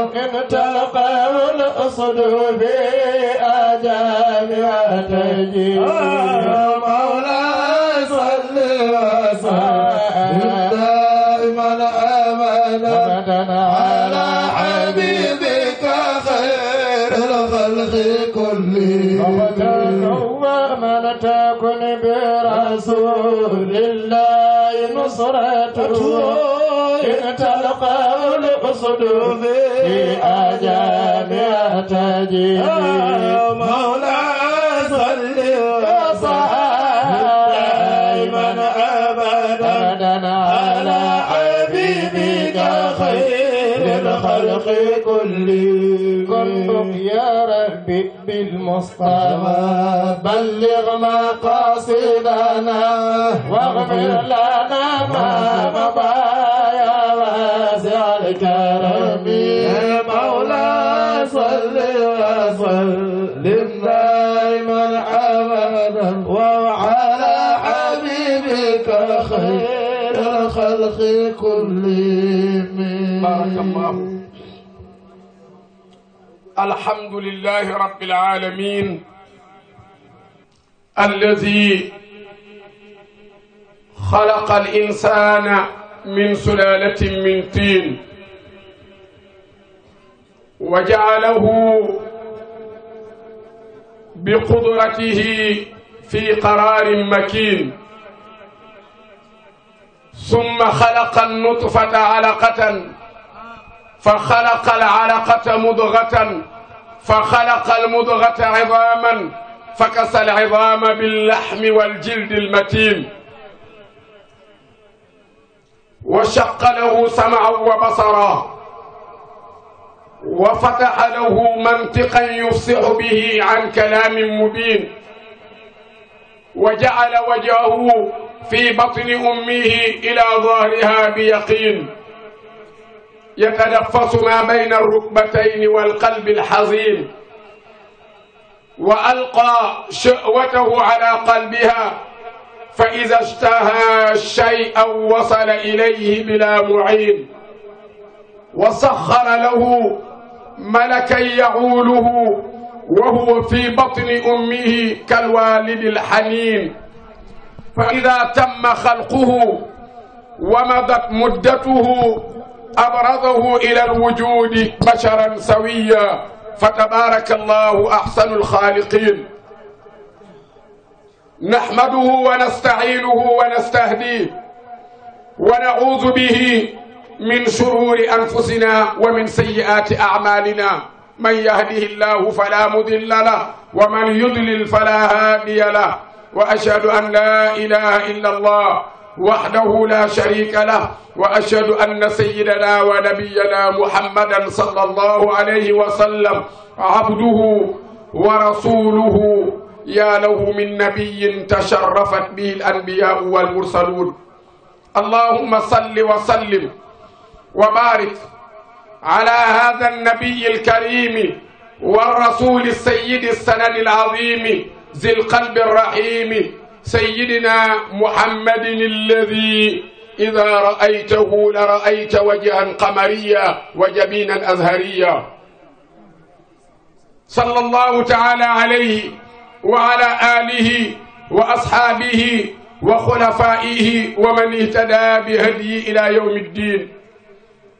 إن تلقون أصدوبي أجامي وتجي مولاي صل وسلم دائما أبدا على حبيبك خير الخلق كلهم ومن تكن برسول الله نصرته إن تلقى الصدور أجامع تجيب مولا صل دائما أبدا على حبيبك خير الخلق كلهم كنتم يا ربي بالمصطفى بلغ مقاصدنا واغفر لنا ما مضى يا واسع الكرم رزق كل من بارك الله الحمد لله رب العالمين الذي خلق الإنسان من سلالة من طين وجعله بقدرته في قرار مكين summa xalaqa nutfata alaqatan fa xalaqa alalaqata mudgatan fa xalaqa almudgata cidaman fa kasa alcidama billaxmi waljildi almatin wa shaqa lahu samcan wa basara وفتح له منطقا يفصح به عن كلام مبين وجعل وجهه في بطن أمه إلى ظهرها بيقين يتنفس ما بين الركبتين والقلب الحزين وألقى شأوته على قلبها فإذا اشتهى شيئا وصل إليه بلا معين وسخر له ملكا يعوله وهو في بطن أمه كالوالد الحنين fa ida tamma xalquhu wa madat muddatuhu abradahu ila alwujudi basharan sawiya fa tabaraka allahu axsanu alxaaliqin نحمده ونستعينه ونستهديه ونعوذ به من شرور أنفسنا ومن سيئات أعمالنا من يهده الله فلا مضل له ومن يضلل فلا هادي له وأشهد أن لا إله إلا الله وحده لا شريك له وأشهد أن سيدنا ونبينا محمدا صلى الله عليه وسلم عبده ورسوله يا له من نبي تشرفت به الأنبياء والمرسلون اللهم صل وسلم وبارك على هذا النبي الكريم والرسول السيد السنن العظيم ذي القلب الرحيم سيدنا محمد الذي إذا رأيته لرأيت وجها قمريا وجبينا أزهريا صلى الله تعالى عليه وعلى آله وأصحابه وخلفائه ومن اهتدى بهدي إلى يوم الدين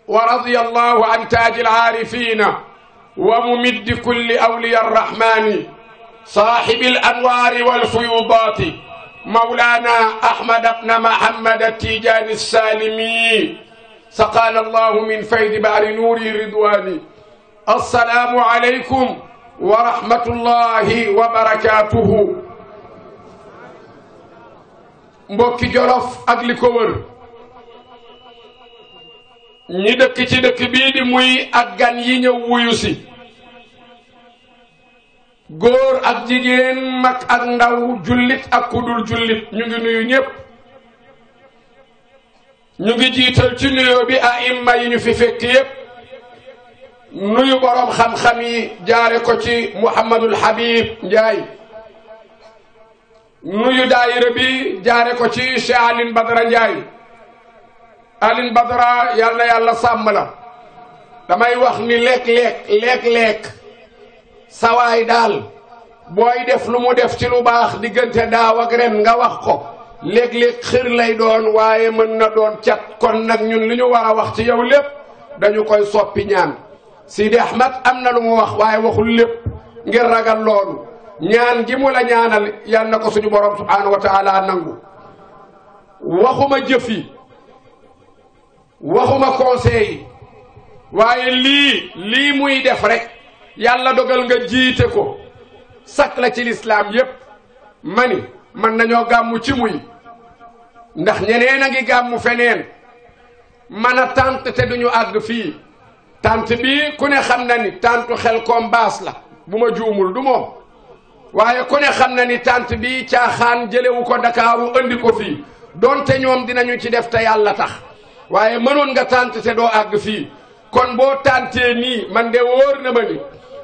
ورضي الله عن تاج العارفين وممد كل أولياء الرحمن صاحب الأنوار والفيوضات مولانا أحمد بن محمد التيجاني السالمي سقانا الله من فيض بحر نوره رضواني السلام عليكم ورحمة الله وبركاته mbokki Jolof ak li ko wër ñi dëkk ci dëkk bii di muy ak gan yi ñëw wuyu si góor ak jigéen mag ak ndaw jullit ak kudul jullit ñu ngi nuyu ñëpp ñu ngi jiital ci nuyoo bi aimma yi ñu fi fekk yépp nuyu boroom xam-xam yi jaare ko ci Muhammadul Habib Njaay nuyu daayira bi jaare ko ci Cheikh Aline Badara Njaay Aline Badara yàlla na yàlla sàmm damay wax ni lekk lekk lekk lekk sawaay daal booy def lu mu def ci lu baax diggante daaw ak ren nga wax ko léeg-léeg xër lay doon waaye mën na doon cat kon nag ñu li ñu war a wax ci yow lépp dañu koy soppi ñaan Sidi Ahmed am na lu mu wax waaye waxul lépp ngir ragal loolu ñaan gi mu la ñaanal yal na ko suñu borom subhaanahu wa taala nangu waxuma jëf yi waxuma conseil waaye lii lii muy def rekk yàlla dogal nga jiite ko sax la ci lislaam yépp ma ni nañoo gàmmu ci muy ndax ñeneen a ngi gàmmu feneen mën a tant te duñu àgg fii tant bii ku ne xam na ni tantu xel koom baas la bu ma juumul du moom waaye ku ne xam na ni tant bii caaxaan jëlewu ko Dakaaru andi ko fii doonte ñoom dinañu ci def ta yàlla tax waaye mënoon nga tant te doo àgg fii kon boo tantee nii man de wóor na ma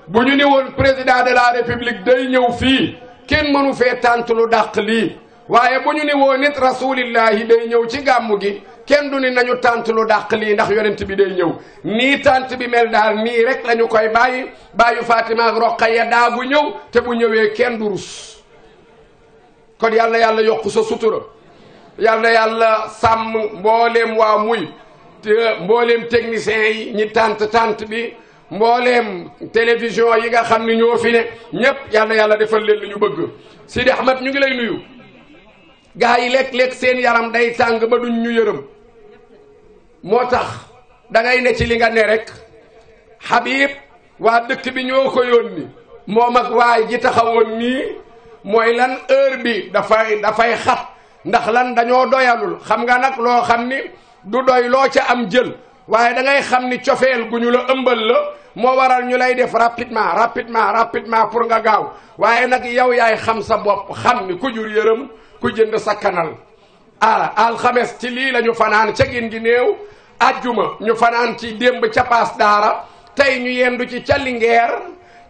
bu ñu ne woon président de la république day ñëw fii kenn mënu fee tànt lu dàq lii waaye bu ñu ne woon nit rasulillahi day ñëw ci gàmm gi kenn du ni nañu tànt lu dàq lii ndax yonent bi day ñëw nii tànt bi mel daal nii rek lañu koy bàyyi bàyyu Fatima ak daa daagu ñëw te bu ñëwee kenn du rus kon yàlla yàlla yokku sa sutura na yàlla sàmm mbooleem waa muy te mbooleem yi ñi tànt tànt bi mbooleem télévision yi nga xam ni ñoo fi ne ñëpp yàlla yàlla defal leen li ñu bëgg Sidi Ahmed ñu ngi lay nuyu gaa yi lekk-lekk seen yaram day tàng ba duñ ñu yërëm moo tax da ngay ne ci li nga ne rek Habib waa dëkk bi ñoo ko yónni moom ak waay ji taxawoon nii mooy lan heure bi dafay dafay xat ndax lan dañoo doyalul xam nga nag loo xam ni du doy loo ca am jël waaye dangay xam ni cofeel gu ñu la ëmbal la moo waral ñu lay def rapidement rapidement rapidement pour nga gaaw waaye nag yow yaay xam sa bopp xam ni ku jur yërëm ku jënd sa kanal ah alxames ci lii la ñu fanaan ca gin gi néew ajjuma ñu fanaan ci démb ca paas daara tey ñu yendu ci ca lingeer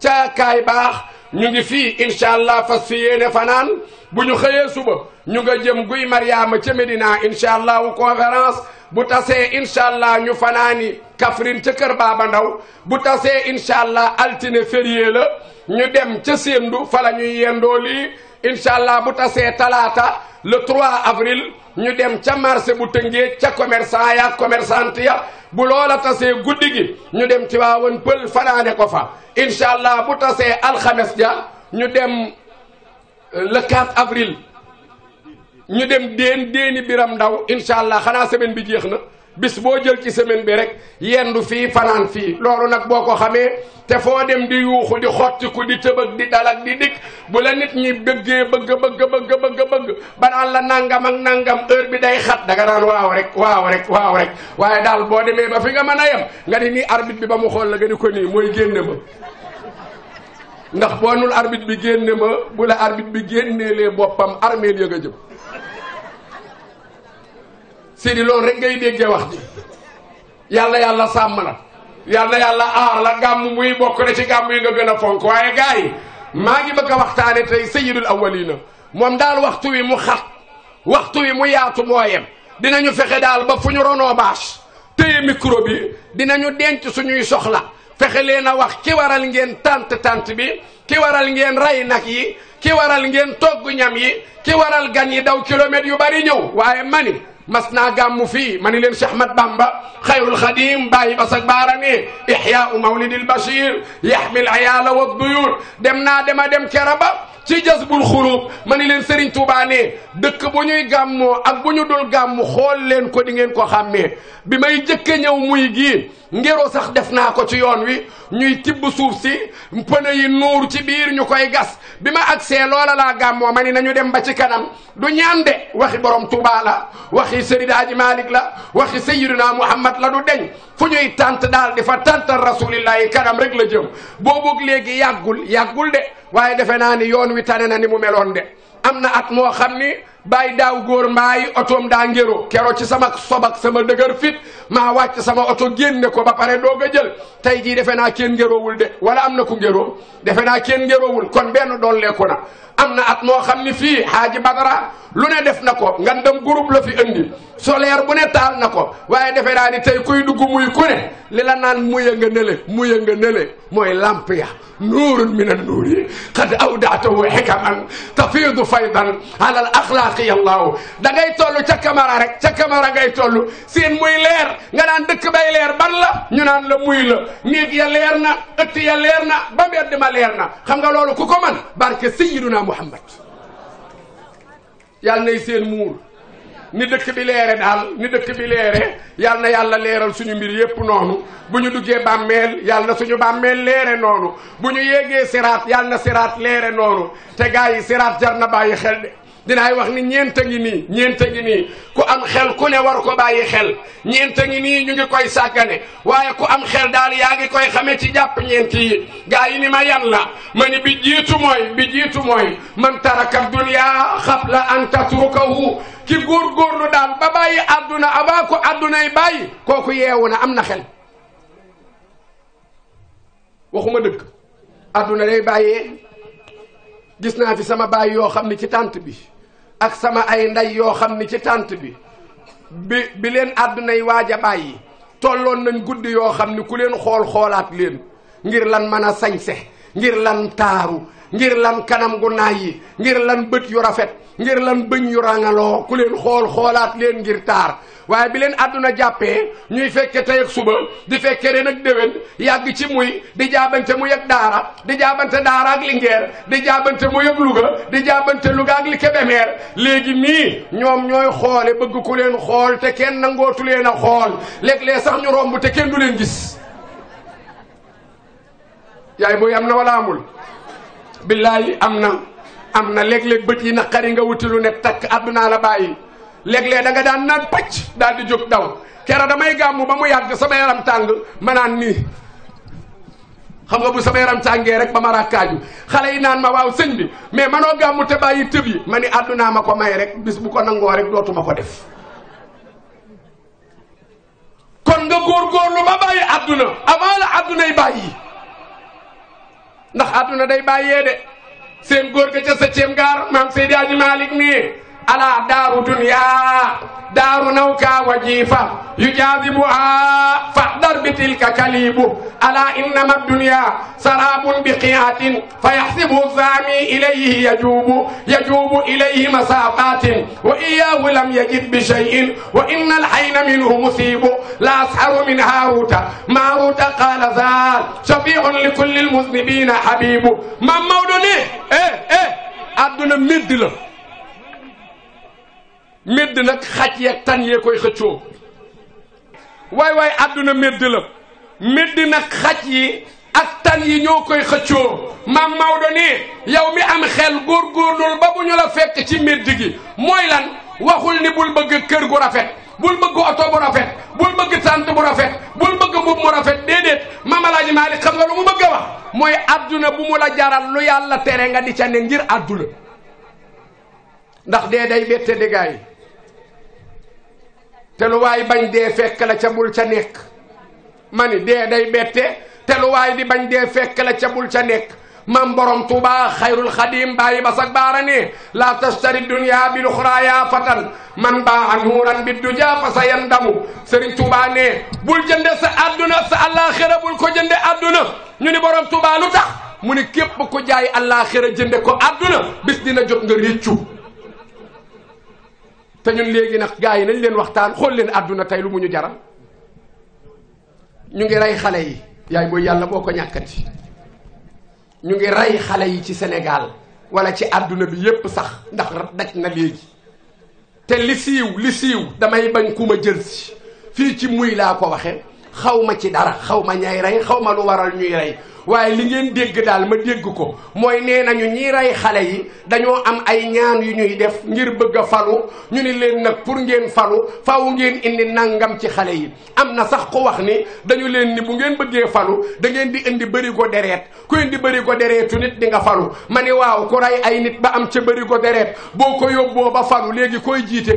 ca kaay baax ñu ngi fii incha allah fas fi fanaan bu ñu xëyee suba ñu nga jëm guy mariama ca médina incha allahu conférence bu tasee incha allah ñu fanaani Kaffrine ca kër Baaba Ndaw bu tasee incha allah altine férié la ñu dem ca Sendou fa la ñuy yendoo lii incha allah bu tasee talaata le trois avril ñu dem ca marché bu tëngee ca commerçant ya commerçante ya bu loola tasee guddi gi ñu dem ci waawan pël fanaane ko fa incha allah bu tasee alxames ja ñu dem euh, le 4 avril ñu dem déen déeni biram ndaw incha allah xanaa semaine bi jeex na bis boo jël ci semaine bi rek yendu fii fanaan fii loolu nag boo ko xamee te foo dem di yuuxu di xottiku di tëbëg di dalak di dikk bu la nit ñi bëggee bëgg bëgg bëgg bëgg bëgg ba naan la nangam ak nangam heure bi day xat danga naan waaw rek waaw rek waaw rek waaye daal boo demee ma fi nga mën a yem nga ni nii arbitre bi ba mu xool la nga ni ko nii mooy génne ma ndax bonul arbitre bi génne ma bu la arbitre bi lee boppam armeel ya a jëm Sidi loolu rek ngay déggee wax ji yàlla yàlla sàmm la yàlla yàlla aar la gàmm muy bokk na ci gàmm yi nga gën a fonk waaye gars yi maa ngi bëgg a waxtaane tey sayyidul awwalina moom daal waxtu wi mu xat waxtu wi mu yaatu moo dina ñu fexe daal ba fu ñu ronoo bâche téye micro bi dinañu denc suñuy soxla fexe leen a wax ki waral ngeen tànt tànt bi ki waral ngeen ray nag yi ki waral ngeen togg ñam yi ki waral gan yi daw kilomètres yu bari ñëw waaye mani mas naa gàmmu fii ma ni leen Cheikh Ahmad Bamba xayrul xadim bàyyi bas ak baara ni ixyaau mawlidil bashir yaxmil ayaala wa duyur dem naa dema dem kera ba ci jasbul xuluub ma ni leen Serigne Touba ne dëkk bu ñuy gàmmoo ak bu ñu dul gàmmu xool leen ko di ngeen ko xàmmee bi may jëkk a ñëw muy gii ngero sax def naa ko ci yoon wi ñuy tibb suuf si pëne yi nuur ci biir ñu koy gas bi ma agsee loola laa gàmmoo ma nañu dem ba ci kanam du ñaan de waxi borom Touba waxi Seydi Hadji Malick la waxi Sayyidina Muhammad la du deñ fu ñuy tànt daal di fa tàntal rasulillahi kanam rek la jëm boobu léegi yàggul yàggul de waaye defe naa ni yoon wi tane na ni mu meloon de am na at moo xam ni bàyyi daaw góor mbaay otoom daa ngéro kero ci sama sobak sama dëgër fit maa wàcc sama oto génne ko ba pare doog a jël tey jii defe naa kenn ngéroowul de wala am na ku ngéro defe naa kenn ngéroowul kon benn dolleeku na am na at moo xam ni fii xaaji badara lu ne def na ko ngan dem groupe la fi indi solaire bu ne taal na ko waaye defe naa ni tey kuy dugg muy ku ne li la naan muy a nga muy a nga nele mooy lamp ya nuurun min an nuur yi faydan alal axlaaqi yallaahu da ngay toll ca kamara rek ca kamara ngay toll seen muy leer nga naan dëkk bay leer ban la ñu naan la muy la néeg ya leer na ëtt ya leer na ba mbedd ma leer na xam nga loolu ku ko man barke sayyiduna muhammad yàlla nay seen muur ni dëkk bi leere daal ni dëkk bi leere yal na yàlla leeral suñu mbir yépp noonu bu ñu duggee bàmmeel yal na suñu bàmmeel leere noonu bu ñu yéegee siraat yal na siraat leere noonu te gaa yi siraat jar na bàyyi xel de dinaay wax ni ñeent a ngi nii ñeent a ngi nii ku am xel ku ne war ko bàyyi xel ñeent a ngi nii ñu ngi koy sàggane waaye ku am xel daal yaa ngi koy xame ci jàpp ñeent yi gaa yi ni ma yan la ma ni bi jiitu mooy bi jiitu mooy man taraka dunya xabla an tatrukahu ki góorgóorlu daal ba bàyyi àdduna abaa ko àddunay bàyyi kooku yeewu na am na xel waxuma dëgg àdduna day bàyyee gis naa fi sama bàyyi yoo xam ne ci tànt bi ak sama ay ndey yoo xam ni ci tànt bi bi bi leen àddunay waajabaay a tolloon nañ guddi yoo xam ni ku leen xool xoolaat leen ngir lan mën a sañse ngir lan taaru ngir lan kanam gu naay yi ngir lan bët yu rafet ngir lan bëñ yu rangaloo ku leen xool xoolaat leen ngir taar waaye bi leen àdduna jàppee ñuy fekke tey ak suba di fekke ren ak déwén yàgg ci muy di jaabante muy ak daara di jaabante daara ak Linguère di jaabante muy ak Louga di jaabante Louga ak li Kébémer léegi nii ñoom ñooy xoole bëgg ku leen xool te kenn nangootu leen a xool léeg-léeg sax ñu romb te kenn du leen gis yaay booy am na wala billaahi am na am na léeg bët yi naqari nga wuti lu ne takk àddunaa la bàyyi léeg-léeg da daan naan pëcc daal di jóg daw kera damay gàmmu ba mu yàgg sama yaram tàng ma naan nii xam nga bu sama yaram tàngee rek ba ma rakkaaju xale yi naan ma waaw sëñ bi mais manoo gàmmu te bàyyi tëb yi ma ni àddunaa ma ko may rek bis bu ko nangoo rek dootuma ko def kon nga góorgóorlu ba bàyyi àdduna avant la àddunay bàyyi ndax àdduna day bàyyee de seen góor ga ca sa ceem gaar maam Seydi Aji Malick mii ala daaru dunya daaru nawka yu jaazibu a fa تلك كليب ألا إنما الدنيا سراب بقيعة فيحسبه الزامي إليه يجوب يجوب إليه مساقات وإياه لم يجد بشيء وإن الحين منه مصيب لا أسحر من هاروت ماروت قال زال شفيع لكل المذنبين حبيب ما مولوني إيه إيه أدنا مد la medd nag xaj yeeg tan yee koy xëccoo waay waay àdduna médd la médd nag xaj yi ak tan yi ñoo koy xëccoo maam Maodo ni yow mi am xel góorgóorlul ba bu ñu la fekk ci médd gi mooy lan waxul ni bul bëgg kër gu rafet bul bëgg oto bu rafet bul bëgg tànt bu rafet bul bëgg mbub mu rafet déedéet mamalaaji Maalik xam nga lu mu bëgg a wax mooy àdduna bu mu la jaral lu yàlla tere nga di ca ne ngir àdduna ndax dee day bette dégâts yi te lu bañ dee fekk la ca bul ca nekk ma ni dee day bette te lu di bañ dee fekk la ca bul ca nekk man borom tuuba xayrul xadim bàyyi basak baara la laa tashtari dunya bil uxra yaa fatan man baa an huuran bi duja fa sa yandamu sëriñ tuuba ne bul jënde sa àdduna sa àllaaxira bul ko jënde àdduna ñu ni borom tuuba lu mu ni képp ko jaay àllaaxira jënde ko àdduna bis dina jot nga réccu te ñun léegi nag gaa yi nañ leen waxtaan xool leen àdduna tey lu mu ñu jaral ñu ngi rey xale yi yaay booy yàlla boo ko ñàkkati ñu ngi rey xale yi ci senegal wala ci àdduna bi yépp sax ndax daj na léegi te li siiw li siiw damay bañ ku ma jël si fii ci muy laa ko waxe xaw ma ci dara xaw ma ñay rey xaw ma lu waral ñuy rey waaye li ngeen dégg daal ma dégg ko mooy nee nañu ñi rey xale yi dañoo am ay ñaan yu ñuy def ngir bëgg a falu ñu ni leen nag pour ngeen falu faw ngeen indi nangam ci xale yi am na sax ko wax ni dañu leen ni bu ngeen bëggee falu da ngeen di indi bëri ko dereet ku indi bëri ko dereetu nit di nga falu ma ni waaw ku rey ay nit ba am ca bëri ko dereet boo ko yóbboo ba falu léegi koy jiite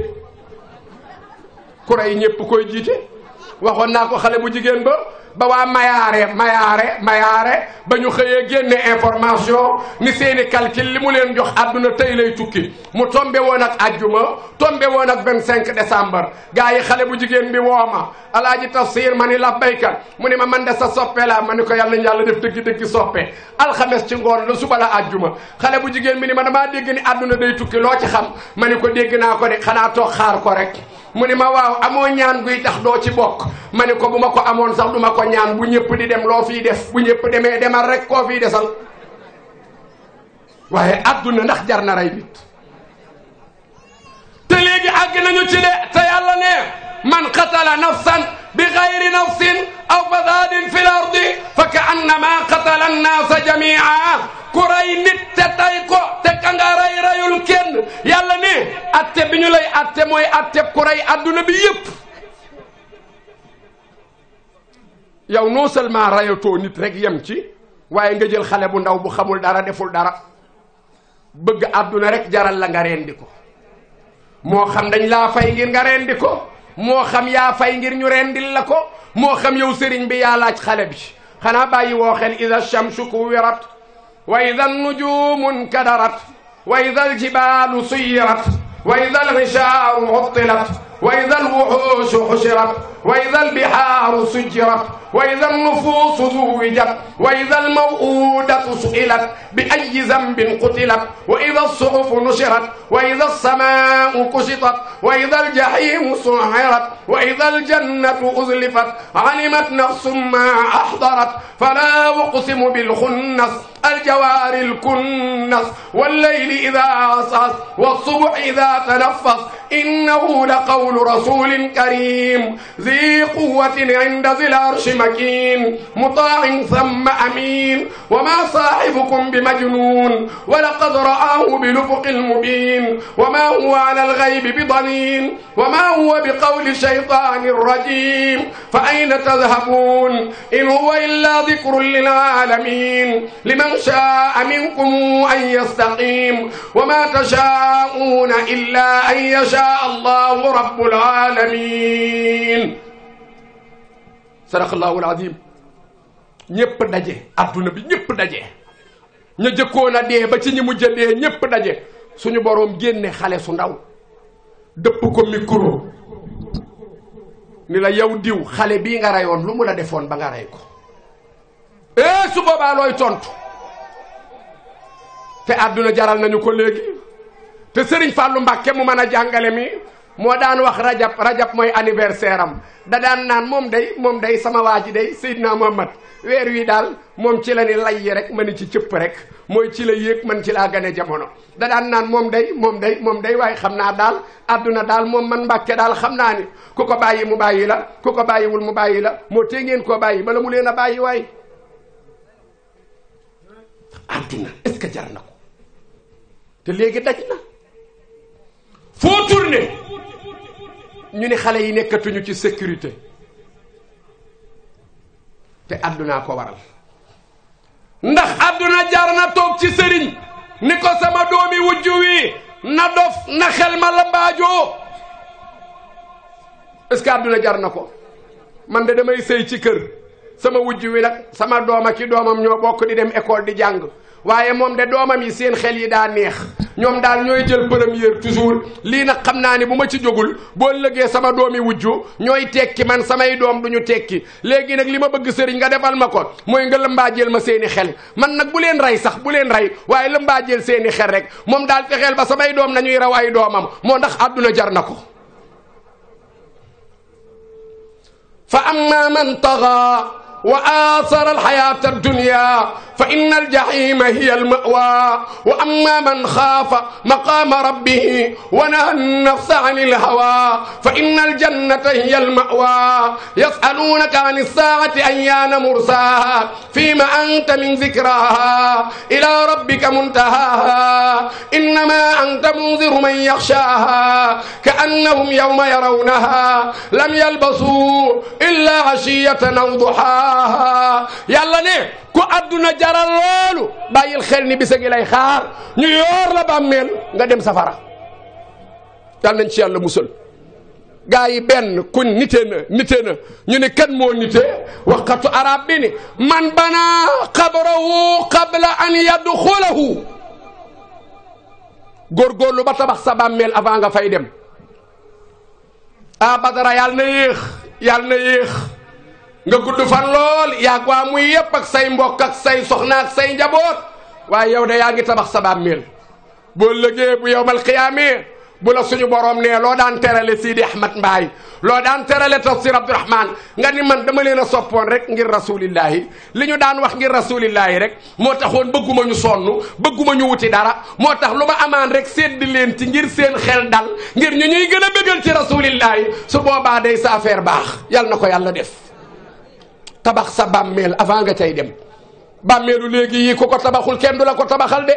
ku rey ñépp koy jiite waxoon naa ko xale bu jigéen ba ba waa mayaare mayaare mayaare ba ñu xëyee génne information ni seeni calcul li mu leen jox àdduna tey lay tukki mu tombe woon ak ajjuma tombe woon ak 25 décembre gars yi xale bu jigéen bi wooma alaaji tafsir ma ni la baykat mu ni ma man de sa soppee laa ma ni ko yàlla yàlla def dëgg-dëgg soppe alxames ci ngoon la suba la ajjuma xale bu jigéen bi ni ma damaa dégg ni àdduna day tukki loo ci xam ma ni ko dégg naa ko de xanaa toog ko rek mu ni ma waaw amoo ñaan guy tax doo ci bokk ma ni ko bu ma ko amoon sax du ko ñaan bu ñëpp di dem loo fiy def bu ñëpp demee demal rek koo fiy desal waaye adduna ndax jar na rey nit te léegi àgg nañu ci de te yàlla ne man qatala nafsan bi gayri nafsin aw fasadin fi l ardi fa ka annama qatala annaasa jamia ku rey nit te tay ko tooñ kenn yàlla ne atte bi ñu lay atte mooy atte ku rey adduna bi yépp yow non seulement rayatoo nit yem ci waaye nga jël xale bu ndaw bu xamul dara deful dara bëgg àdduna rek jaral la nga rendi ko moo xam dañ laa fay ngir nga rendi ko moo xam yaa fay ngir ñu rendil la ko moo xam yow sëriñ bi yaa laaj xale bi xanaa bàyyi woo xel ida shamsu kuwirat wa ida nujumun kadarat وإذا الجبال سيرت وإذا العشار عطلت وإذا الوحوش حشرت وإذا البحار سجرت وإذا النفوس زوجت وإذا الموءودة سئلت بأي ذنب قتلت وإذا الصحف نشرت وإذا السماء كشطت وإذا الجحيم سعرت وإذا الجنة أزلفت علمت نفس ما أحضرت فلا أقسم بالخنس الجوار الكنس والليل إذا عصعص والصبح إذا تنفس إنه لقول رسول كريم ذي قوة عند ذي العرش مكين مطاع ثم أمين وما صاحبكم بمجنون ولقد رآه بلفق المبين وما هو على الغيب بضنين وما هو بقول شيطان رجيم فأين تذهبون إن هو إلا ذكر للعالمين لمن شاء منكم أن يستقيم وما تشاءون إلا أن يشاء الله رب العالمين sadaqallaahu alazim ñépp daje adduna bi ñépp daje ña jëkkoon a ba ci ñi mujj a ñépp daje suñu boroom génne xale su ndaw dëpp ko micro ni la yow diw xale bii nga reyoon lu mu la defoon ba nga ko ee eh, su boobaa tontu te adduna jaral nañu ko léegi te Serigne Fallou Mbacke mu mën a jàngale mi moo daan wax rajab rajab mooy anniversaire am da daan naan moom day moom day sama waa ji day Seydina Muhammad weer wii daal moom ci la ni lay rek man ni ci cëpp rek mooy ci la yéeg man ci laa gane jamono da daan naan moom day moom day moom day waaye xam naa daal àdduna daal moom man mbàkke daal xam naa ni ku ko bàyyi mu bàyyi la ku ko bàyyiwul mu bàyyi la moo tee ngeen koo bàyyi bala mu leen a bàyyi waay àdduna est-ce jar na ko te léegi daj na foo ñu ni xale yi nekkatuñu ci sécurité te àddunaa ko waral ndax àdduna jaar na toog ci sëriñ ni ko sama doomi wujju wi na dof na xel ma la mbaajoo que àdduna jar na ko man de damay sëy ci kër sama wujj wi nag sama dooma ki doomam ñoo bokk di dem école di jàng waaye moom de doomam yi seen xel yi daa neex ñoom daal ñooy jël première toujours lii nag xam naa ni bu ma ci jógul boo lëgee sama doomi wujju ñooy tekki man samay doom du ñu tekki léegi nag li ma bëgg sëriñ nga defal ma ko mooy nga lëmbaajeel ma seeni xel man nag bu leen rey sax bu leen rey waaye lëmbaajeel seeni xel rek moom daal fexeel ba samay doom nañuy raw ay doomam moo ndax àdduna jar na ko fa amma man taxa wa aasara alxayaata dunia fa inna aljahima hiya almawa wa amma man xaafa maqama rabbihi wa naha annafsa an ilhawa fa inna aljannata hiya almawa yasalunaka an ilsaati ayyana mursaha fima anta min zikraha ila rabbika muntahaha innama anta munziru man yaxshaha kaannahum yawma yarawnaha lam yalbasu illa ashiyatan aw duhaha yàlla ne ku adduna jaral loolu bàyyil xel ni bisa ngi lay xaar ñu yoor la bàmmeel nga dem safara dal nañ ci yàlla musal gaa yi benn ku nite na nite na ñu ne kan moo nite waxatu arab bi ni man bana xabrahu qabla an yadxulahu góorgóorlu ba tabax sa bàmmeel avant nga fay dem a ah, badara yàlla na yéex yàlla na yéex nga gudd fan lool yaag waa muy yëpp ak say mbokk ak say soxna ak say njaboot waaye yow de yaa ngi tabax sa miil boo lëgee bu yowmal xiyaamee bu la suñu borom nee loo daan terale Sidi Ahmad Mbaay loo daan terale si tafsir Abdourahman nga ni man dama leen a soppoon rek ngir rasulillahi li ñu daan wax ngir rasulillahi rek moo taxoon bëgguma ñu sonn bëgguma ñu wuti dara moo tax lu ma amaan rek sédd leen ci ngir seen xel dal ngir ñu ñuy gën a bëggal ci rasulillahi su boobaa day sa affaire baax yal na ko yàlla def tabax sa bàmmeel avant nga cay dem bàmmeelu léegi yi ku ko tabaxul kenn du la ko tabaxal de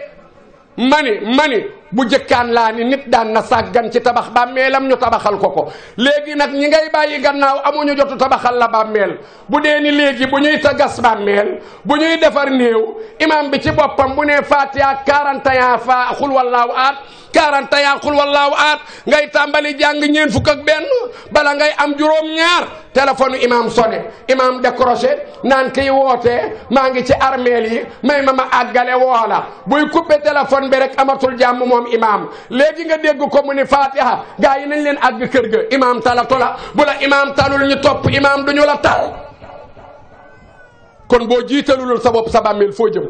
mani mani bu jëkkaan laa ni nit daan na sàggan ci tabax bàmmeelam ñu tabaxal ko ko léegi nag ñi ngay bàyyi gannaaw amuñu jot tabaxal la bàmmeel bu dee ni léegi bu ñuy tagas bàmmeel bu ñuy defar néew imam bi ci boppam bu ne nee fatiha 41 fa xul wallaahu aat 41 xul wallaahu aat ngay tàmbali jàng ñeen fukk ak benn bala ngay am juróom-ñaar téléphone imam sonné imam décroché naan kiy wootee maa ngi ci armeel yi may ma ma àggale woola buy coupé ñoom imaam léegi nga dégg ko mu ni fatiha gaa yi nañ leen àgg kër ga imaam talatu la bu la imaam talul ñu topp imaam du ñu la tal kon boo jiitalulul sa bopp sa bàmmeel foo jëm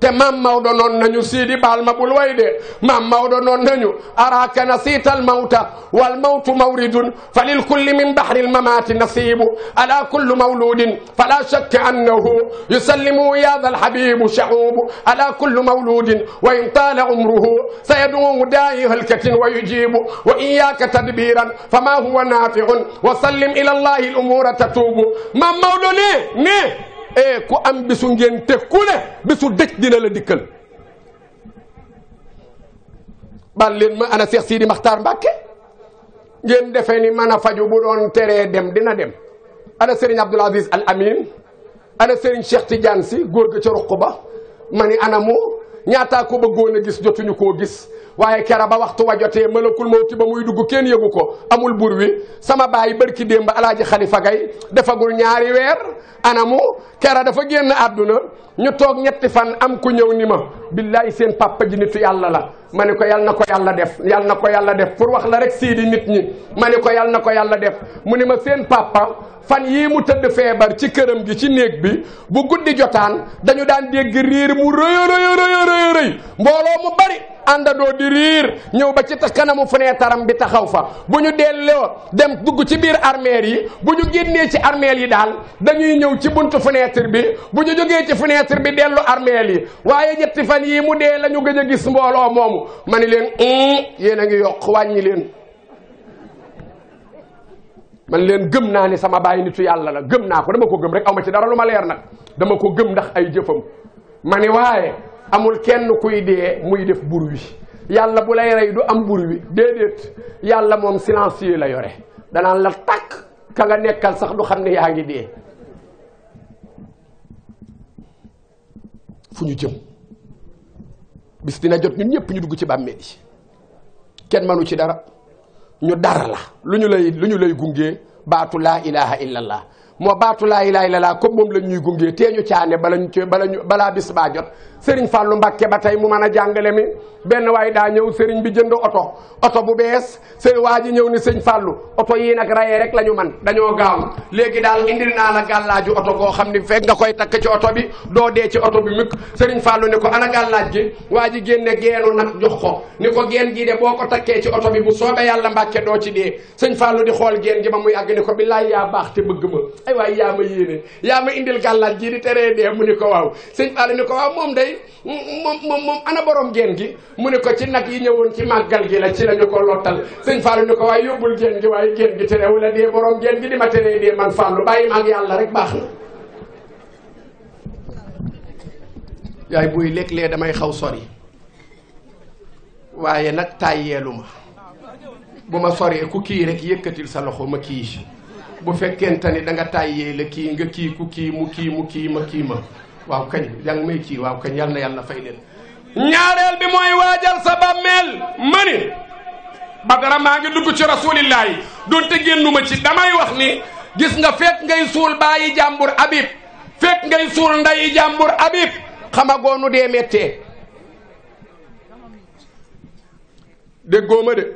te maam Maodo noon nañu siidi baal ma bul way de maam Maodo noon nañu araaka nasiita almawta wal mawtu mawridun fa lil kulli min bahri almamaati nasiibu ala kullu mawludin fala shakka annahu yusallimu ya dha alhabibu shahuubu ala kullu mawludin wa in taala umruhu sayad'u daa'i halkatin wa yujibu wa iyyaka tadbiran fama huwa nafi'un wa sallim ila allahi al umura tatubu maam Maodo ne ne e ku am bisu ngeen ku ne bisu dëj dina la dikkal bal leen ma ana Seex Sidi Maxtaar Mbàkke ngeen defee ni man a faju bu doon teree dem dina dem ana Serigne Abdoul Aziz Al Amin ana Serigne Cheikh Tidiane si góor ga ca ruq ba ma ni ana mu ñaataa ko bëggoon a gis jotuñu koo gis waaye kera ba waxtu wa jotee malakul mawti ba muy dugg kenn yëgu ko amul bur wi sama baay bërki démb alaaji xalifa fagay defagul ñaari weer anamu kera dafa génn àdduna ñu toog ñetti fan am ku ñëw ni ma billaay seen papa ji nitu yàlla la ma ne ko yal na ko yàlla def yal na ko yàlla def pour wax la rek sii nit ñi ma ne ko yal na ko yàlla def mu ne ma seen papa fan yii mu tëdd feebar ci këram gi ci néeg bi bu guddi jotaan dañu daan dégg riir mu rëy rëy rëy rëy àndandoo di riir ñëw ba ci kanamu fenêtre am bi taxaw fa bu ñu delloo dem dugg ci biir armeel yi bu ñu génnee ci armeel yi daal dañuy ñëw ci buntu fenêtre bi bu ñu jógee ci funeetir bi dellu armeel yi waaye ñetti fan yii mu dee lañu ñu gëj a gis mbooloo moomu ma ni leen yéen a ngi yokk wàññi leen man leen gëm naa ni sama baay nitu yàlla la gëm naa ko dama ko gëm rek aw ma ci dara lu ma leer nag dama ko gëm ndax ay jëfam ma waaye amul kenn kuy dee muy def bur yàlla bu lay rey du am bur wi déedéet yàlla moom silencieux la yore danaa la tàkk ka nga nekkal sax du xam ne yaa ngi dee fu ñu jëm bis dina jot ñun ñëpp ñu dugg ci bàmmeel yi kenn manu ci dara ñu dara la lu ñu lay lu ñu lay gungee baatu laa ilaha illallah moo baatu laa ilaha illallah comme moom la ñuy gungee tee ñu caane bala ñu ñu balaa bis baa jot sëriñ Fallou Mbacke ba tey mu mën a jàngale mi benn waayu daa ñëw sëriñ bi jënd oto oto bu bees sëriñ waa ji ñëw ni sëñ Fallou oto yii nag rayee rek la ñu man dañoo gaaw léegi daal indil naa la gàllaaju oto goo xam ni fekk nga koy takk ci oto bi doo dee ci oto bi mukk sëriñ fallu ni ko ana gàllaaj gi waa ji génne geenu nag jox ko ni ko geen gii de boo ko takkee ci oto bi bu soobee yàlla Mbacke doo ci dee sëñ Fallou di xool geen gi ba muy yàgg ni ko billaay yaa baax te bëgg ma tey moom moom moom ana borom génn gi mu ne ko ci nag yi ñëwoon ci màggal gi la ci la ñu ko lottal sëñ Fallou ni ko waaye yóbbul génn gi waaye génn gi terewu la dee borom génn gi di ma teree dee man Fallou bàyyi ma yàlla rek baax na. yaay buy léeg-léeg damay xaw sori waaye nag tàyyeelu ma bu ma soree ku kii rek yëkkatil sa loxo ma kii bu fekkente ni danga nga tàyyee la kii nga kii ku kii mu kii mu kii ma kii ma. waaw kañ yaa ngi may yal na yàlla fay leen ñaareel bi mooy waajal sa bàmmeel ma ni badara maa ngi dugg ci rasulillah yi génnuma ci damay wax ni gis nga fekk ngay suul baayi jàmbur abib fekk ngay suul ndayi jàmbur abib xamagoonu dee mettee déggoo ma de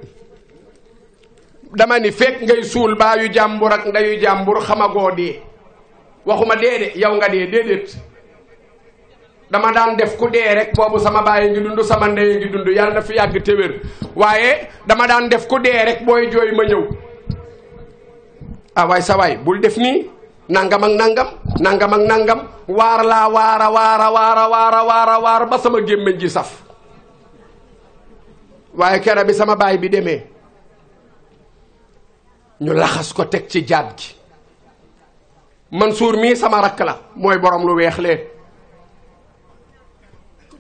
dama ni fekk ngay suul baayu jàmbur ak ndayu jàmbur xamagoo dee waxuma dee de yow nga dee déedéet dama daan def ku dee rek boobu sama baay ngi dund sama ndey ngi dund yàlla na fi yàgg te waaye dama daan def ku dee rek booy jooy ma ñëw ah saway bul def nii nangam ak nangam nangam ak nangam waar laa waara waara waara waara waara waar ba sama gémmiñ ji saf waaye kera bi sama baay bi demee ñu laxas ko teg ci jaat gi suur mii sama rakk la mooy boroom lu weex lee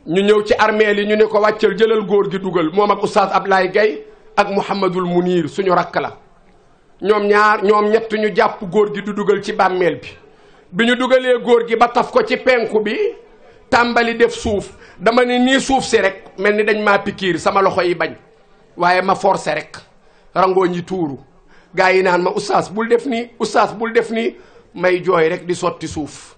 ñu ñëw ci armeel yi ñu ne ko wàccal jëlal góor gi dugal moom ak oustaz Ablaye Gaye ak Mouhamadul Munir suñu rakk la ñoom ñaar ñoom ñett ñu jàpp góor gi du dugal ci bàmmeel bi bi ñu dugalee góor gi ba taf ko ci penku bi tàmbali def suuf dama ne nii suuf si rek mel ni dañ ma pikiir sama loxo yi bañ waaye ma forcé rek rangoo ñi tuuru gars yi naan ma oustaz bul def nii oustaz bul def nii may jooy rek di sotti suuf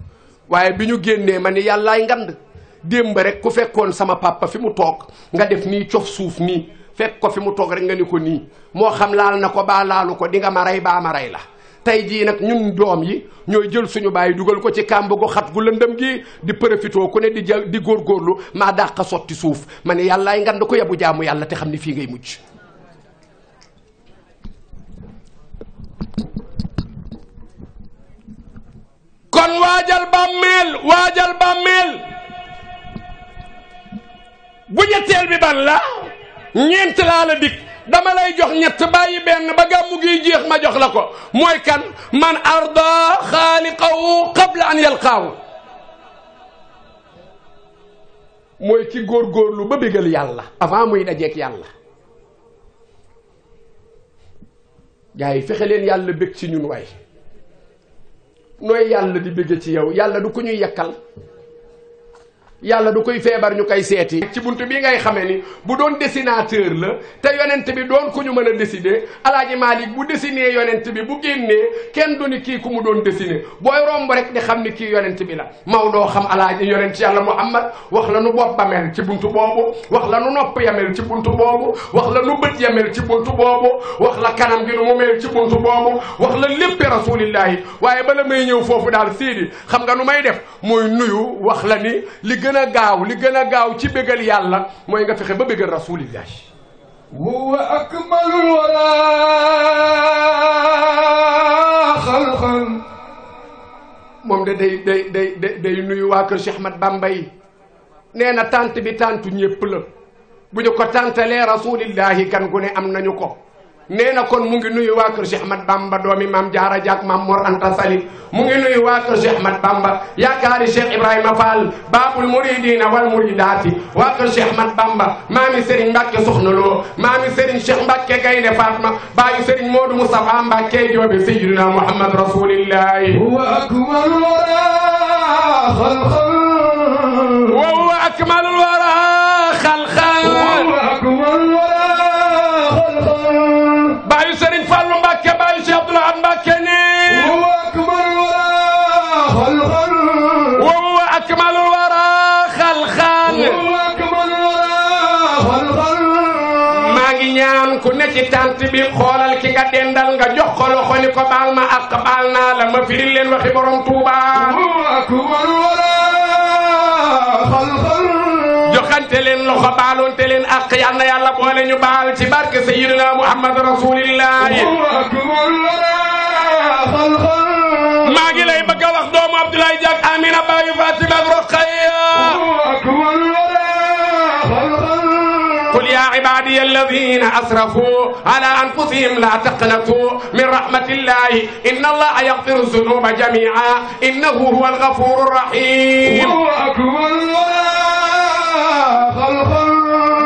waaye bi ñu génnee ma ni yàllaay ngand démb rek ku fekkoon sama pàppa fi mu toog nga def nii cof suuf nii fekk ko fi mu toog rek nga ni ko nii moo xam laal na ko baa laalu ko dinga nga ma rey baa ma rey la tey jii nag ñun doom yi ñooy jël suñu bàyyi dugal ko ci kàmb gu xat gu lëndëm gi di profitoo ku ne di ja di góorgóorlu maa dàq sotti suuf ma ne yàllaay ngand ko yebu jaamu yàlla te xam ni fii ngay mujj kon waajal bàmmeel waajal bàmmeel bu ñetteel bi ban la ñeent laa la dikk dama lay jox ñett bàyyi benn ba gàmmu gi jeex ma jox la ko mooy kan man arda xaaliqahu qabla an yalqaahu mooy ki góorgóorlu ba bégal yàlla avant muy dajeek yàlla gaa yi fexe leen yàlla bég ci ñun waay nooy yàlla di bégge ci yow yàlla du ko ñuy yekkal yàlla du koy feebar ñu koy seeti. ci bunt bi ngay xamee ni bu doon dessinateur la te yonent bi doon ku ñu mën a dessiner alaaji Malick bu dessiné yonent bi bu génnee kenn du ni kii ku mu doon dessiné booy romb rek di xam ni kii yonent bi la maw doo xam alaaji yonent yàlla Muhammad wax la nu bopp amel ci bunt boobu wax la nu nopp yamel ci bunt boobu wax la nu bët ci buntu boobu wax la kanam gi nu mu mel ci buntu boobu wax la léppi rasulillahi waaye bala may ñëw foofu daal siidi xam nga gaaw li gën a gaaw ci bégal yàlla mooy nga fexe ba bégal rasulillah huwa akmalul wara xalqan moom de day day day day nuyu waa kër Cheikh mat Bamba yi nee na tànt bi tàntu ñépp la bu ñu ko tàntalee rasulillahi kan gu am nañu ko nee na kon mu ngi nuyu waa kër Cheikh Ahmad Bamba doomi maam Jaara Jaak maam Mor Anta Sali mu ngi nuyu waa kër Cheikh Ahmad Bamba yaakaari Cheikh Ibrahima Fall baabul muridina wal muridaati waa kër Cheikh Ahmad Bamba maami Serigne Mbacke Soxna Lo maami Serigne Cheikh Mbacke Gaynde Fatma baayu Serigne Modou Moustapha Mbacke joobe sayyidina Muhammad rasulillahi huwa akmalul wara xalqan wa huwa akmalul ne ci tant bi xoolal ki nga dendal nga jox ko loxo ni ko baal ma ak baal naa la ma firil leen waxi borom Touba. joxante leen loxo baaloonte leen ak yal na yàlla boole ñu baal ci barke Sayyidina Muhammad Rasulillah. maa ngi lay bëgg a wax doomu Abdoulaye Diack الذين أسرفوا على أنفسهم لا تقنطوا من رحمة الله إن الله يغفر الذنوب جميعا إنه هو الغفور الرحيم الله الله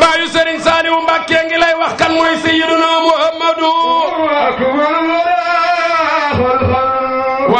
baayu Serigne Saliou Mbacké ngi lay wax kan mooy Sayyiduna Muhammadu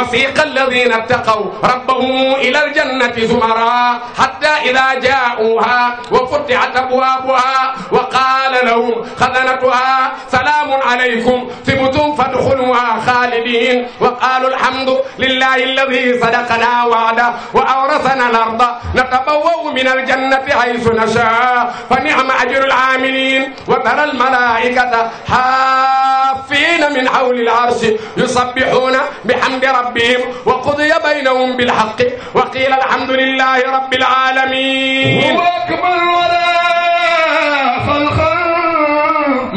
وسيق الذين اتقوا ربهم إلى الجنة زمرا حتى إذا جاءوها وفتحت أبوابها وقال لهم خزنتها سلام عليكم تبتم فادخلوها خالدين وقالوا الحمد لله الذي صدقنا وعده وأورثنا الأرض نتبوأ من الجنة حيث نشاء فنعم أجر العاملين وترى الملائكة حافين من حول العرش يسبحون بحمد ربهم ربهم وقضي بينهم بالحق وقيل الحمد لله رب العالمين هو أكبر ولا خلقا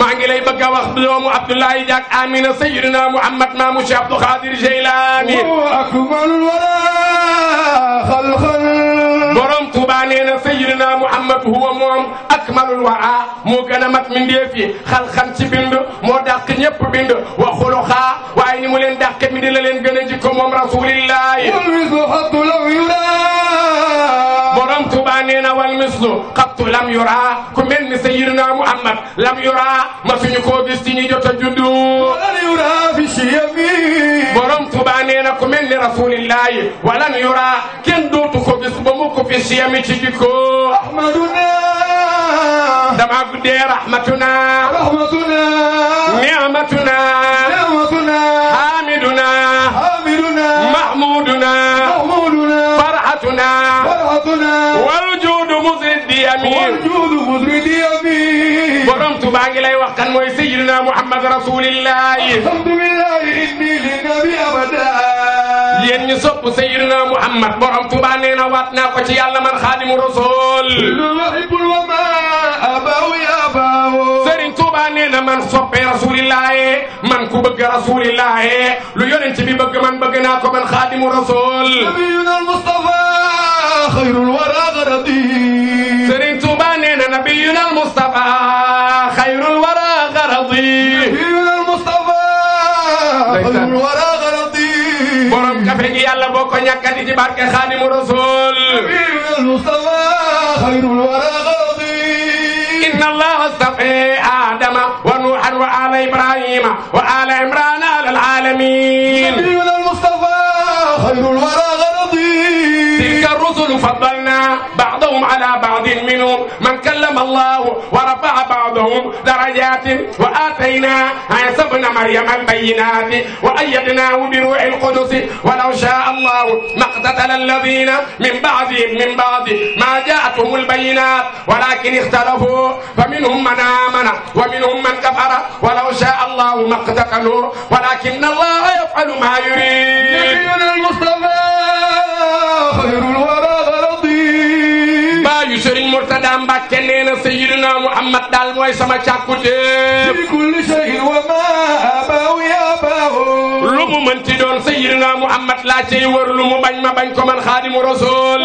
maa ngi lay bëgg a wax doomu Abdoulaye Diak Amina Seydina Mouhamad Maamu Cheikh Abdou Khadir Jeylaani هو أكبر ولا خلقا borom Tuubaa nee na Seydina man huwa moom akmalul waraa moo gën a mat mindeef yi xalxan ci bind moo dàq ñépp bind wa xuluxaa waaye ni mu leen dàqe mi di la leen gën a jikko moom rasulillahi Touba nee na wal mislu xattu lam yura ku mel ni Sayyidina Muhammad lam yura ma suñu koo gis ci ñi jot a juddu. walan yura fi siyami. borom Touba nee na ku mel ni rasulillahi walan yura kenn dootu ko gis ba mu ko fi siyami ci jikko. ahmaduna. damaa guddee rahmatuna. rahmatuna. ni'matuna. ni'matuna. hamiduna. hamiduna. mahmuduna. فرحتنا فرحتنا والجود musridi amin borom Tuubaa ngi lay wax kan mooy sayyidina Muhammad rasulillahi alhamdulillahi inni li nabi abada yéen ñu sopp sayyidina Muhammad borom Tuubaa nee na waat naa ko ci yàlla man xaadimu rasul Sëriñ Tuubaa nee na man soppe rasulillahi man ku bëgg rasulillahi lu yonent bi bëgg man bëgg naa ko man xaadimu rasul nabiyuna al mustafa xayrul wara xaradi Sëriñ Tuuba nee na nabiyunal Mustafa xayrul wara xaradi nabiyunal Mustafa xayrul wara xaradi borom kafe gi yàlla boo ko ñàkkati ci barke Xaadimu Rasuul nabiyunal Mustafa xayrul wara xaradi inna allaha astafe Adama wa Nuuhan wa ala Ibrahima wa ala Imrana alal alamin فضلنا بعضهم على بعض واحد منهم من كلم الله ورفع بعضهم درجات وآتينا عيسى ابن مريم البينات وأيدناه بروح القدس ولو شاء الله ما اقتتل الذين من بعدهم من بعد ما جاءتهم البينات ولكن اختلفوا فمنهم من آمن ومنهم من كفر ولو شاء الله ما اقتتلوا ولكن الله يفعل ما يريد نبينا المصطفى خير الورى yu Serigne Mourtada Mbacke nee na Sayyidina Muhammad daal mooy sama càkkute fi kulli shay'in wa ma abaw ya baaw lu mu mënti doon Sayyidina Muhammad laa cay wër lu mu bañ ma bañ ko man Xaadimu Rasul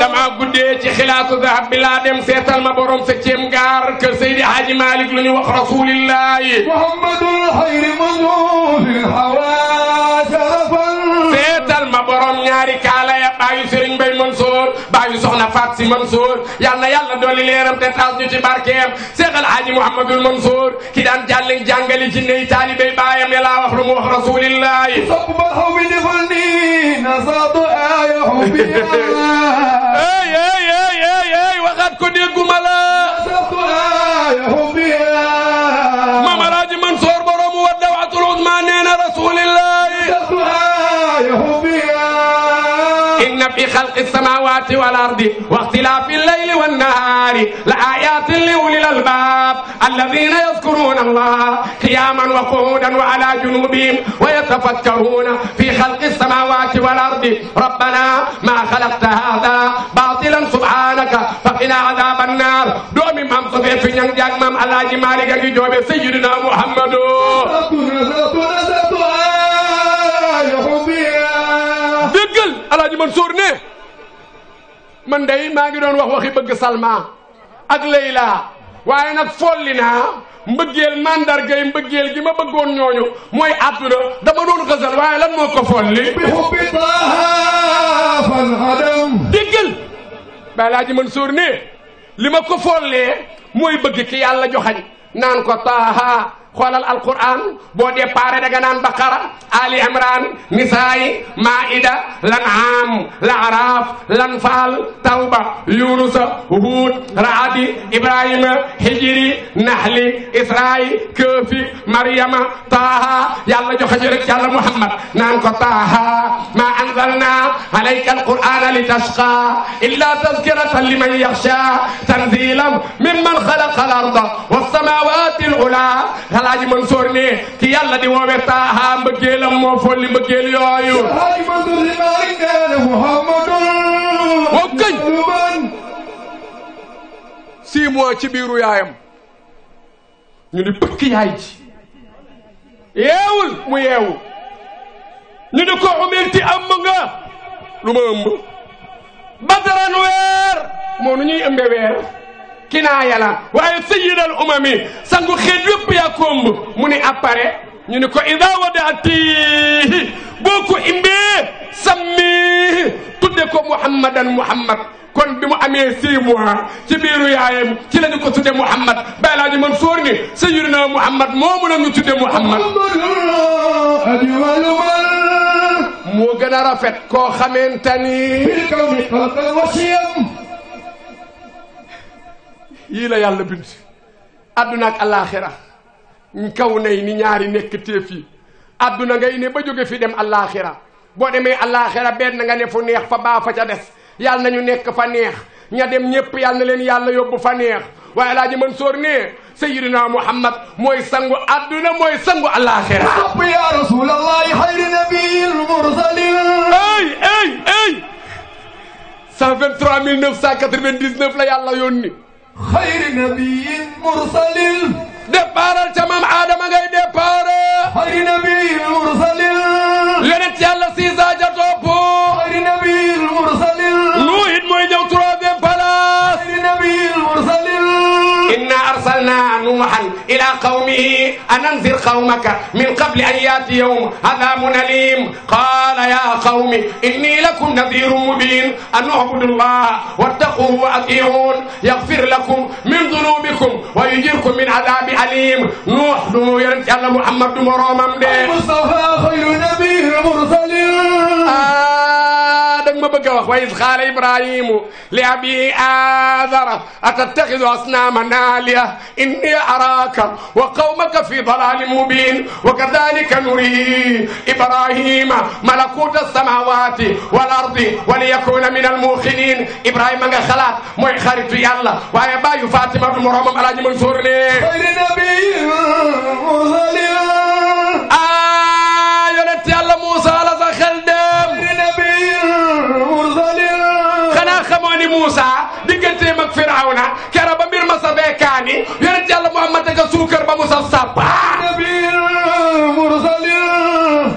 damaa guddee ci xilaasu zahab bi laa dem seetal ma borom sa ceem gaar kër Seydi Hadji Malick lu ñu wax rasulillahi muhammadul xayri ma borom ñaari kaala ya baayu Serigne Mbaye Mansour baayu Soxna Faat Si Mansour yal na yàlla dolli leeram te taas ñu ci barkeem Seexal Haaji Mouhamadul Mansour ki daan jàlli jàngali ci ney taalibey baayam ya wax lu mu wax rasulillahi sabbahu bi ni nasatu ayahu bi ay ay ay ay waxaat ko dégguma la في خلق السماوات والأرض واختلاف الليل والنهار لآيات لأولي الألباب الذين يذكرون الله قياما وقعودا وعلى جنوبهم ويتفكرون في خلق السماوات والأرض ربنا ما خلقت هذا باطلا سبحانك فقنا عذاب النار دومي مام سوفي في نيان جاك مام الله جي مالك جوبي سيدنا محمد ربنا ربنا ربنا Mansour ne man day maa ngi doon wax waxi bëgg Salma ak Layla waaye nag folli naa mbëggeel mandargay mbëggeel gi ma bëggoon ñooñu mooy àdduna dama doon xësal waaye lan moo ko folli bi Taaha fan adam déggal Baay Laaji Mansour ne li ma ko follee mooy bëgg ki yàlla joxañ naan ko Taaha xoolal alquran boo déparé da nga naan baqara ali imran nisaay maida lan am la araaf lan faal tawba yunusa huud raadi ibrahima hijri nahli israyi këfi maryama taaha yàlla joxe ci rek yàlla muhammad naan ko taaha ma anzalna alayka alqurana litashqa illa tazkiratan liman yaxsha tanzilan mimman xalaqa al arda wassamawati al ula alaaji Mansoor ne ki yàlla di woowe taaha mbëggeelam moo folli mbëggeel yooyu alaaji Mansoor li Maalik nee na Muhammadun woo këñ six ci biiru yaayam ñu ni pëkk yaay yeewul mu yeewu ñu ni ko umirti ëmb nga lu ma ëmb bataran weer moo nu ñuy ëmbe weer kinaaya la waaye sayyidal umami sangu xeet yépp yaa komb mu ni appare ñu ni ko ida wadaatihi boo ko imbee sammi tudde ko muhammadan muhammad kon bi mu amee six mois ci biiru yaayam ci la ñu ko tudde muhammad bay laa ñu mën sóor ni sayyidina muhammad moomu la ñu tudde muhammad moo gën a rafet koo xamante ni yii la yàlla bind àdduna ak alaaxira kaw nay ni ñaari nekk téef yi àdduna ngay ne ba jóge fi dem alaaxira boo demee alaaxira benn nga ne fu neex fa baa fa ca des yàlla nañu nekk fa neex ña dem ñépp yàlla na leen yàlla yóbbu fa neex waaye Alaaji Mansoor ne sayyidina Muhammad mooy sangu àdduna mooy sangu alaaxira ab ya rasulallahi xayri nabiyil mursalin ay ay ay 123 999 la yàlla yónni xayri nabiyin mursalil départal ca maam Adama ngay départ. xayri nabiyin mursalil. yonent yàlla si saa jatoo قومه أن أنذر قومك من قبل أن يأتي يوم عذاب أليم قال يا قوم إني لكم نذير مبين أن أعبدوا الله واتقوه وأطيعون يغفر لكم من ذنوبكم ويجيركم من عذاب أليم نوح دمو يرنت أن محمد دمو رومم دي مصطفى خير نبي المرسلين آه ma bëgg a wax wa iz qaala ibrahimu li abi aadara atattaxidu asnaaman aaliha inni araaka wa qawmaka fi dalaalin mubiin wa kadalika nuri ibrahima malakuuta samaawaati wal ardi wa liyakuuna min almuuqiniin ibrahima nga xalaat mooy xaritu yàlla waaye baayu fatima du moroomam alaaji Mansuur ne muy Moussa digganteem ak Firawna kera ba mbir ma safee kaani yonent yàlla Muhammad ak suukar ba mu saf saf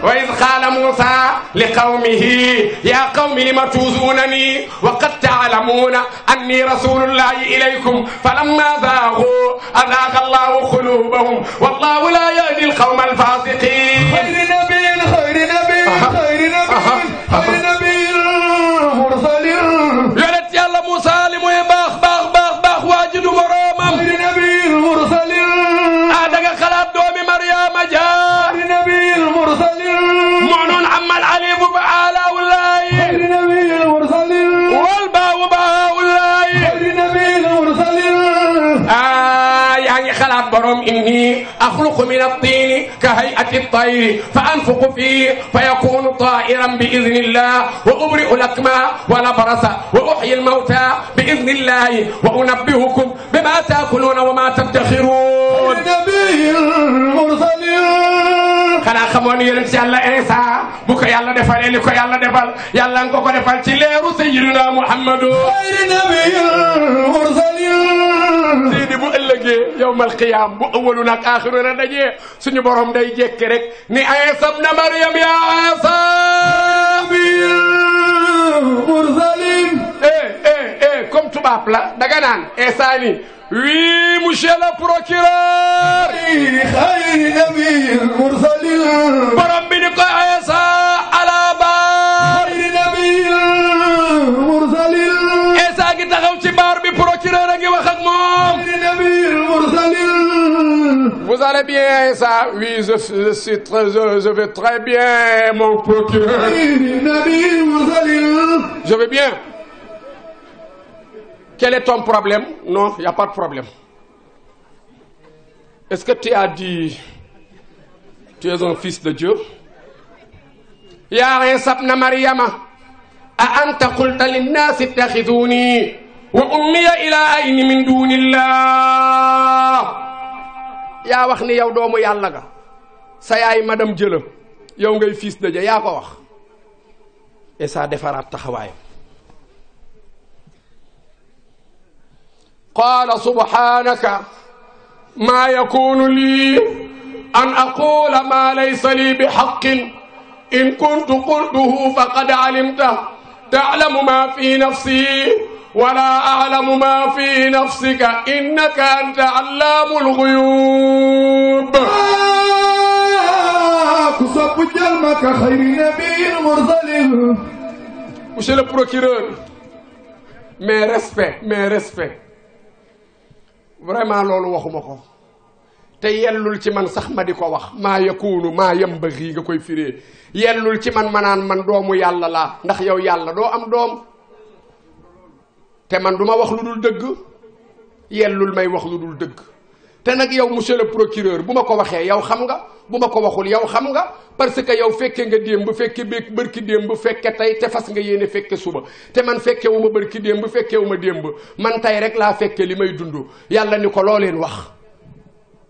wa iz qaala Muusaa li qawmihi yaa qawmi lima tuuzuunanii wa qad ta'lamuuna annii rasuulullaahi ilaykum falammaa zaaguu azaaga Allaahu quluubahum wallaahu laa yahdil qawmal faasiqiin إني أخلق من الطين كهيئة الطير فأنفق فيه فيكون طائرا بإذن الله وأبرئ الأكمى والأبرص وأحيي الموتى بإذن الله وأنبهكم بما تأكلون وما تدخرون نبي المرسلين xanaa xamoon ne yonent yàlla Isa bu ko yàlla defalee li ko yàlla defal yàlla nga ko defal ci leeru sayyidina Muhammadu xayri nabiyil mursalin seydi bu ëllëgee yawmal qiyaam bu awwalu nag aaxiru na suñu borom day jékki rek ni Isa ibn Maryam ya Isa nabiyil mursalin eh eh eh comme tubaab la daga naan Isa Oui, monsieur le procureur. xayri nabi mursalin. borom bi ni ko Isa ala baar. xayri nabi mursalin. Isa gi taxaw ci baar bi procureur a ngi wax ak moom. xayri nabi vous allez bien Isa oui je vais très bien mon procureur. xayri nabi mursalin. quel est problème non y pas problème est-ce que tu as es un fils de Dieu yaa Iisa bna Maryama a anta qulta linnaasi ittaxiduuni wa ummiya ilaahayni min duunillah yaa wax ni yow doomu yàlla nga sa yaay madam jëla yow ngay fils de Dieu yaa ko wax Iisa defaraat taxawaayam قال سبحانك ما يكون لي أن أقول ما ليس لي بحق إن كنت قلته فقد علمته تعلم ما في نفسي ولا أعلم ما في نفسك إنك أنت علام الغيوب كسب جلمك خير نبي مرسل Monsieur le procureur, mes respects, mes respects. vraiment loolu waxuma ko te yellul ci man sax ma di ko wax maa yakuunu maa yambaxi nga koy firee yellul ci man manaan man doomu yàlla laa ndax yow yàlla doo am doom te man duma wax lu dul dëgg yellul may wax lu dul dëgg te nag yow monsieur le procureur bu ma ko waxee yow xam nga bu ma ko waxul yow xam nga parce que yow fekke nga démb fekke beeg bërki démb fekke tey te fas nga yéene fekke suba te man fekke wu ma bërki démb fekke wu ma démb man tey rek laa fekke li may dund yàlla ni ko loo leen wax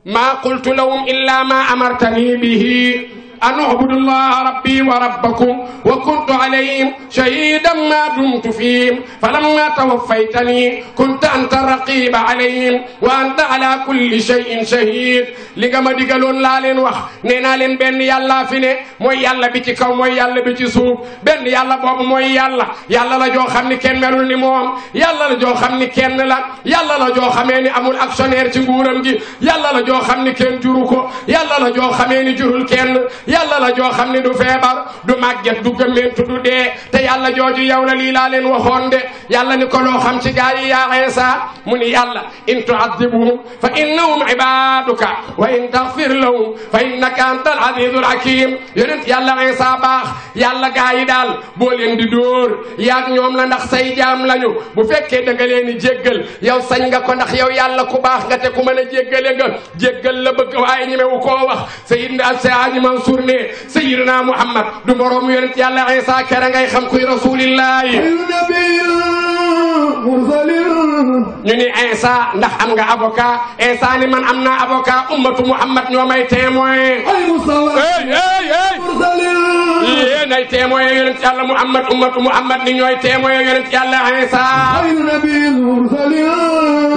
maa qultu lahum illa ma amartani bihi أن اعبدوا الله ربي وربكم وكنت عليهم شهيدا ما دمت فيهم فلما توفيتني كنت أنت الرقيب عليهم وأنت على كل شيء شهيد li nga ma digaloon laa leen wax nee naa leen benn yàllaa fi ne mooy yàlla bi ci kaw mooy yàlla bi ci suuf benn yàlla boobu mooy yàlla yàlla la joo xam ni kenn melul ni moom yàlla la joo xam ni kenn la yàlla la joo xamee ni amul actionnaire ci nguuram gi yàlla la joo xam ni kenn juru ko yàlla la joo xamee ni jurul kenn yàlla la joo xam ne du feebar du màgget du gëmmeentu du dee te yàlla jooju yow la lii laa leen waxoon de yàlla ni ko loo xam ci gaa yi yaa Iisaa mu ni yàlla in tu'adhibuhum fa innahum ibaaduka wa in taghfir lahum fa innaka antal azizul hakim yonent yàlla Iisaa baax yàlla gaa yi daal boo leen di dóor yaag ñoom la ndax say jaam lañu bu fekkee da nga leen di jéggal yow sañ nga ko ndax yow yàlla ku baax nga te ku mën a jéggale nga jéggal la bëgg waaye ñemewu koo wax Sayyidina Alhaji Mansour woon ne sayyidina Muhammad du borom yonent yàlla Isa kera ngay xam kuy rasulillahi ñu ni Insa ndax am nga avocat Insa ni man am naa avocat ummatu Muhammad ñoo may témoin. yéen ay témoin yonent yàlla Muhammad ummatu Muhammad ni ñooy témoin yonent yàlla Insa.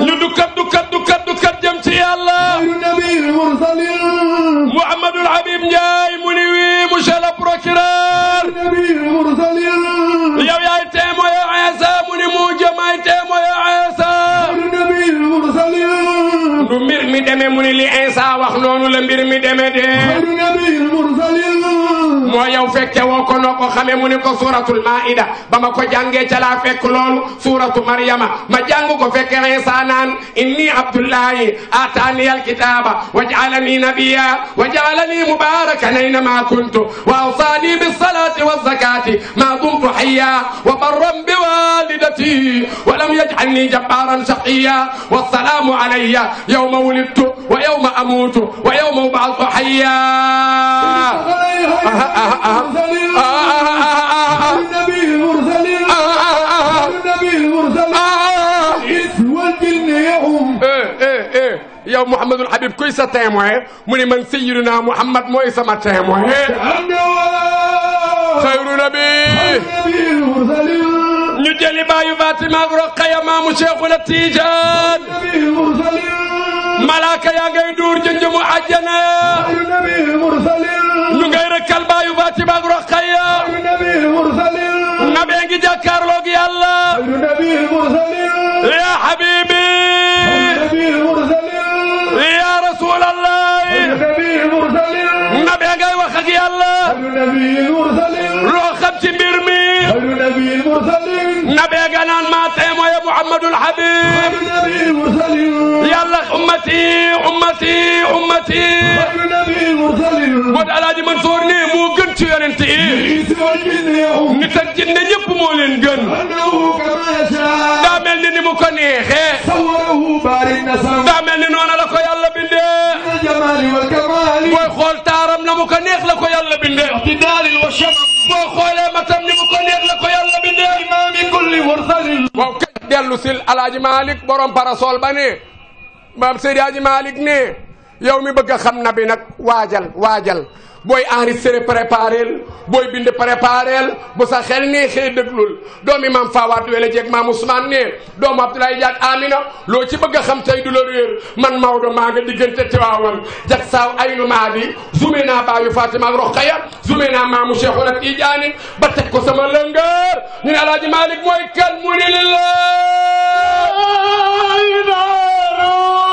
ñu dukkat dukkat dukkat dukkat jëm ci yàlla. Muhammadul Habib Ndiaye mu ni wii monsieur le procureur. yow yaay témoin Insa mu ni mu jëm may teemoy Iisaa noonu du mbir mi demee mu ni li Insa wax noonu la mbir mi demee de xayru nabiyil mursalin moo yow fekke woo ko noo ko xamee mu ni ko suuratul maida ba ma ko jàngee ca laa fekk loolu suuratu maryama ma jàng ko fekk Insa naan inni abdullahi ataani alkitaba wa jaalani nabiya wa jaalani mubarakan aynama kuntu wa awsaani bisalati wazakati ma dumtu hayya wa barran biwalidati wa lam yaj'alni jabbaran shaqiya wassalaamu alayya yawma wulidtu wa yawma amuutu wa yawma ub'athu hayya yow Mouhamadul Habib kuy sa témoin mu ne man Sayyidina Mouhamad mooy sama témoin xayru nabi ñu jëli baayu Fatima ak Roqaya maamu Cheikhuna Tidiane malaaka yaa ngay duur ca njëmu àjjana ñu ngay rëkkal baayu Fatima ak Roqaya nabee ngi jàkkaarloog yàlla yaa habibi yaa rasulallah nabee ngay wax ak yàlla loo xam ci mbir mi nabee nga naan الحبيب يلا أمتي أمتي أمتي moo tax Alaaji Mansour ne moo gën ci yonent yi nit ak jinne ñëpp moo leen gën daa mel ni ni mu ko neexee daa mel ni noonu la ko yàlla bindee booy xool taaram na mu ko neex la ko yàlla bindee boo xoolee matam ni mu ko neex la ko yàlla bindee dellu sil alaaji borom parasol ba ne Seydi Aji Malick ne yow mi bëgg a xam na bi nag waajal waajal booy enregistré préparel booy bind préparel bu sa xel neexee déglul doomi maam Fawade Wele jeeg maam Ousmane ne doomu Abdoulaye Diack Amina loo ci bëgg a xam tey du la réer man Maodo maa nga diggante Tiwaawan jag saaw aynu maa di zume naa baayu Fatima ak Rokhaya zume naa maamu Cheikhuna Tidiane ba teg ko sama lëngër ñu ne Alaaji Malick mooy kan mu ne la